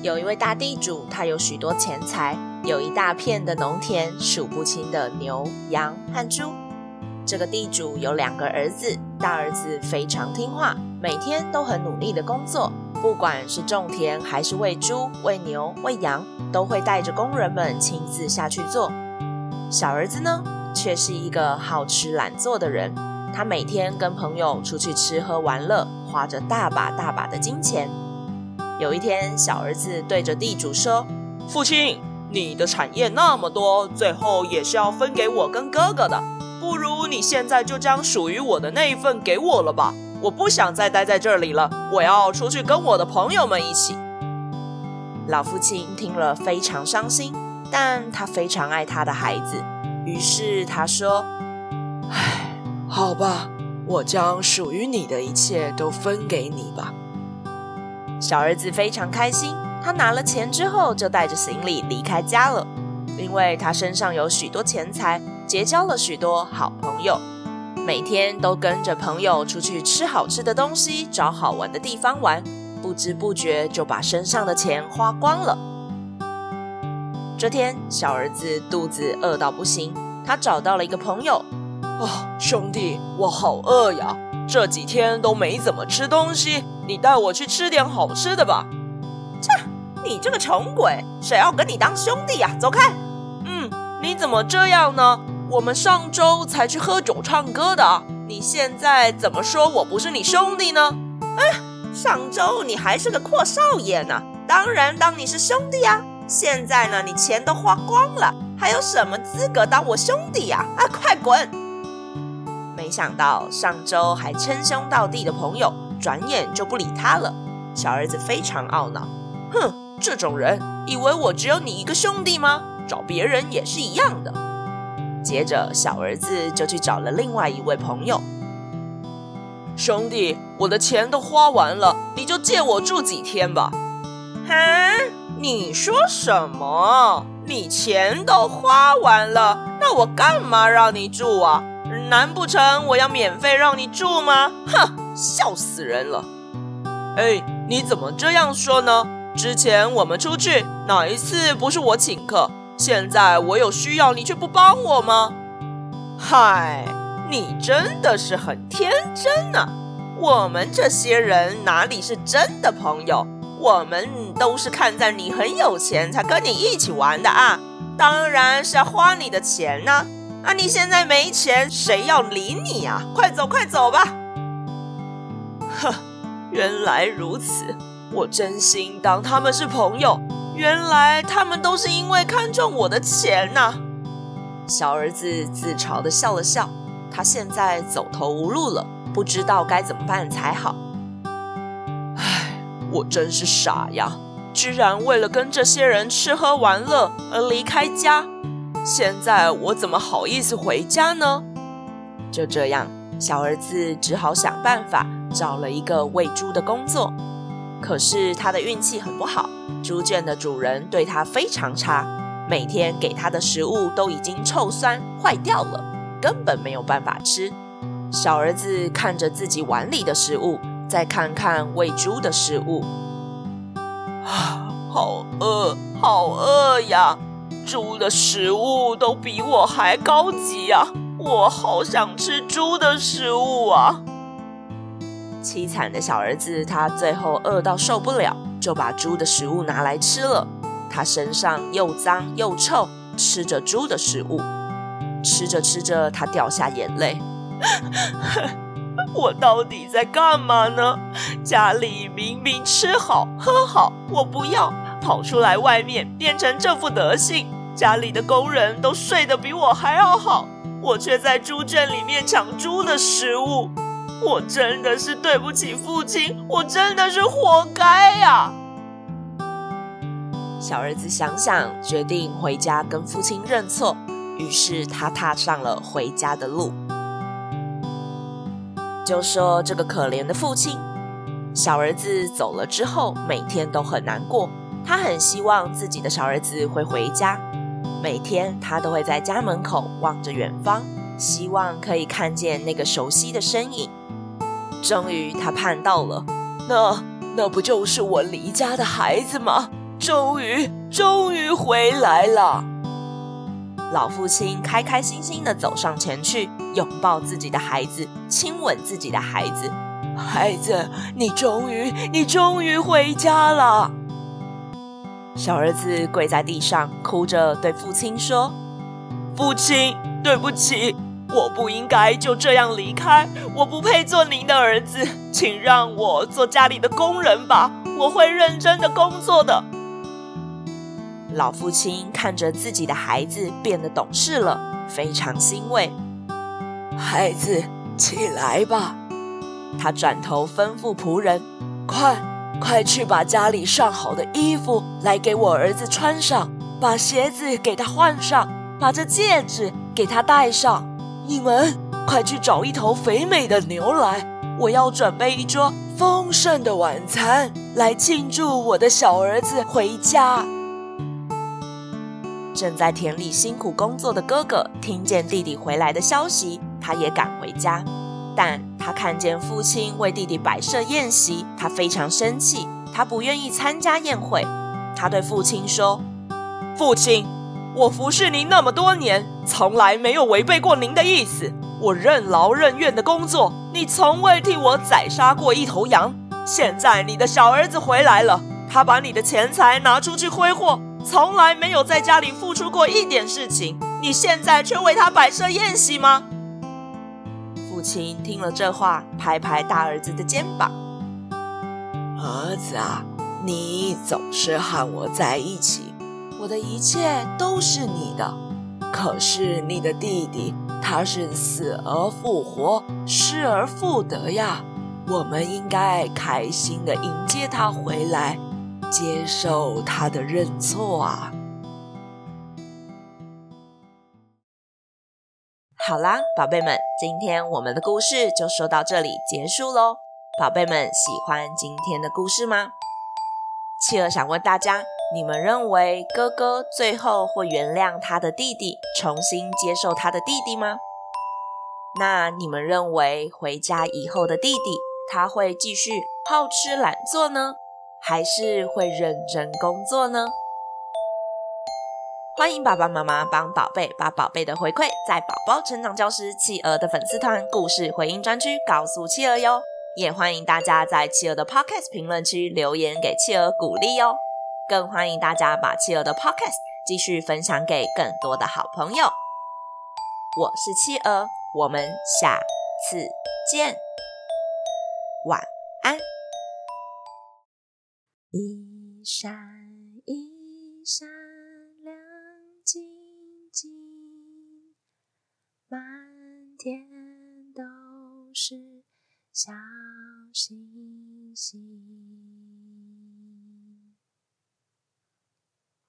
有一位大地主，他有許多錢財，有一大片的農田，數不清的牛、羊和豬。這個地主有兩個兒子，大兒子非常聽話，每天都很努力的工作，不管是種田還是餵豬、餵牛、餵羊，都會帶着工人們親自下去做。小兒子呢，卻是一個好吃懶做的人，他每天跟朋友出去吃喝玩樂，花着大把大把的金錢。有一天，小兒子對着地主說：“父親，你的產業那麼多，最後也是要分給我跟哥哥的。不如你現在就將屬於我的那一份給我了吧！我不想再待在這裡了，我要出去跟我的朋友們一起。”老父親聽了非常傷心，但他非常愛他的孩子，於是他說：“唉，好吧，我將屬於你的一切都分給你吧。”小兒子非常開心，他拿了錢之後就帶着行李離開家了，因為他身上有許多錢財，結交了許多好朋友，每天都跟着朋友出去吃好吃的東西，找好玩的地方玩，不知不覺就把身上的錢花光了。這天，小兒子肚子餓到不行，他找到了一個朋友：“啊，哦，兄弟，我好餓呀！”這幾天都沒怎麼吃東西，你帶我去吃點好吃的吧。切，你這個窮鬼，誰要跟你當兄弟呀、啊？走開！嗯，你怎麼這樣呢？我們上周才去喝酒唱歌的、啊，你現在怎麼說我不是你兄弟呢？嗯、哎，上周你還是個闊少爺呢，當然當你是兄弟呀、啊。現在呢，你錢都花光了，還有什麼資格當我兄弟呀、啊？啊、哎，快滾！沒想到上周還稱兄道弟的朋友，轉眼就不理他了。小兒子非常懊惱，哼，這種人以為我只有你一個兄弟嗎？找別人也是一樣的。接着，小兒子就去找了另外一位朋友。兄弟，我的錢都花完了，你就借我住幾天吧。哼、啊，你說什麼？你錢都花完了，那我幹嘛讓你住啊？難不成我要免費讓你住嗎？哼，笑死人了！哎，你怎麼這樣說呢？之前我們出去哪一次不是我請客？現在我有需要你卻不幫我嗎？嗨，你真的是很天真呢。我們這些人哪裡是真的朋友？我們都是看在你很有錢才跟你一起玩的啊！當然是要花你的錢呢。那、啊、你現在沒錢，誰要理你呀、啊？快走，快走吧！呵，原來如此，我真心當他們是朋友，原來他們都是因為看中我的錢呐、啊！小兒子自嘲地笑了笑，他現在走投無路了，不知道該怎麼辦才好。唉，我真是傻呀，居然為了跟這些人吃喝玩樂而離開家。現在我怎麼好意思回家呢？就這樣，小兒子只好想辦法找了一個餵豬的工作。可是他的運氣很不好，豬圈的主人對他非常差，每天給他的食物都已經臭酸壞掉了，根本沒有辦法吃。小兒子看着自己碗裡的食物，再看看餵豬的食物，啊，好餓，好餓呀！豬的食物都比我還高級啊！我好想吃豬的食物啊！淒慘的小兒子，他最後餓到受不了，就把豬的食物拿來吃了。他身上又髒又臭，吃着豬的食物，吃着吃着，他掉下眼淚。 我到底在幹嘛呢？家裡明明吃好喝好，我不要，跑出來外面變成這副德行。家裡的工人都睡得比我還要好，我卻在豬圈裡面搶豬的食物。我真的是對不起父親，我真的是活該呀！小兒子想想，決定回家跟父親認錯。於是他踏上了回家的路。就說這個可憐的父親，小兒子走了之後，每天都很難過。他很希望自己的小兒子會回家。每天，他都會在家門口望着遠方，希望可以看見那個熟悉的身影。終於，他盼到了，那那不就是我離家的孩子嗎？終於，終於回來了！老父親開開心心地走上前去，擁抱自己的孩子，親吻自己的孩子。孩子，你終於，你終於回家了！小兒子跪在地上，哭着對父親說：“父親，對不起，我不應該就這樣離開，我不配做您的兒子，請讓我做家裡的工人吧，我會認真的工作的。”老父親看着自己的孩子變得懂事了，非常欣慰。孩子，起來吧。他轉頭吩咐僕人：“快！”快去把家裡上好的衣服來給我兒子穿上，把鞋子給他換上，把這戒指給他戴上。你們快去找一頭肥美的牛來，我要準備一桌豐盛的晚餐來慶祝我的小兒子回家。正在田裡辛苦工作的哥哥聽見弟弟回來的消息，他也趕回家，但，他看見父親為弟弟擺設宴席，他非常生氣。他不願意參加宴會。他對父親說：“父親，我服侍您那麼多年，從來沒有違背過您的意思。我任勞任怨的工作，你從未替我宰殺過一頭羊。現在你的小兒子回來了，他把你的錢財拿出去揮霍，從來沒有在家裡付出過一點事情。你現在卻為他擺設宴席嗎？”父親聽了這話，拍拍大兒子的肩膀：“兒子啊，你總是和我在一起，我的一切都是你的。可是你的弟弟，他是死而復活，失而復得呀，我們應該開心地迎接他回來，接受他的認錯啊。”好啦，寶貝們，今天我們的故事就說到這裡結束嘍。寶貝們，喜歡今天的故事嗎？企鵝想問大家，你們認為哥哥最後會原諒他的弟弟，重新接受他的弟弟嗎？那你們認為回家以後的弟弟，他會繼續好吃懶做呢，還是會認真工作呢？歡迎爸爸媽媽幫寶貝把寶貝的回饋在寶寶成長教室企鵝的粉絲團故事回應專區告訴企鵝喲，也歡迎大家在企鵝的 podcast 評論區留言給企鵝鼓勵喲，更歡迎大家把企鵝的 podcast 繼續分享給更多的好朋友。我是企鵝，我們下次見。晚安。一閃一閃。滿天都是小星星。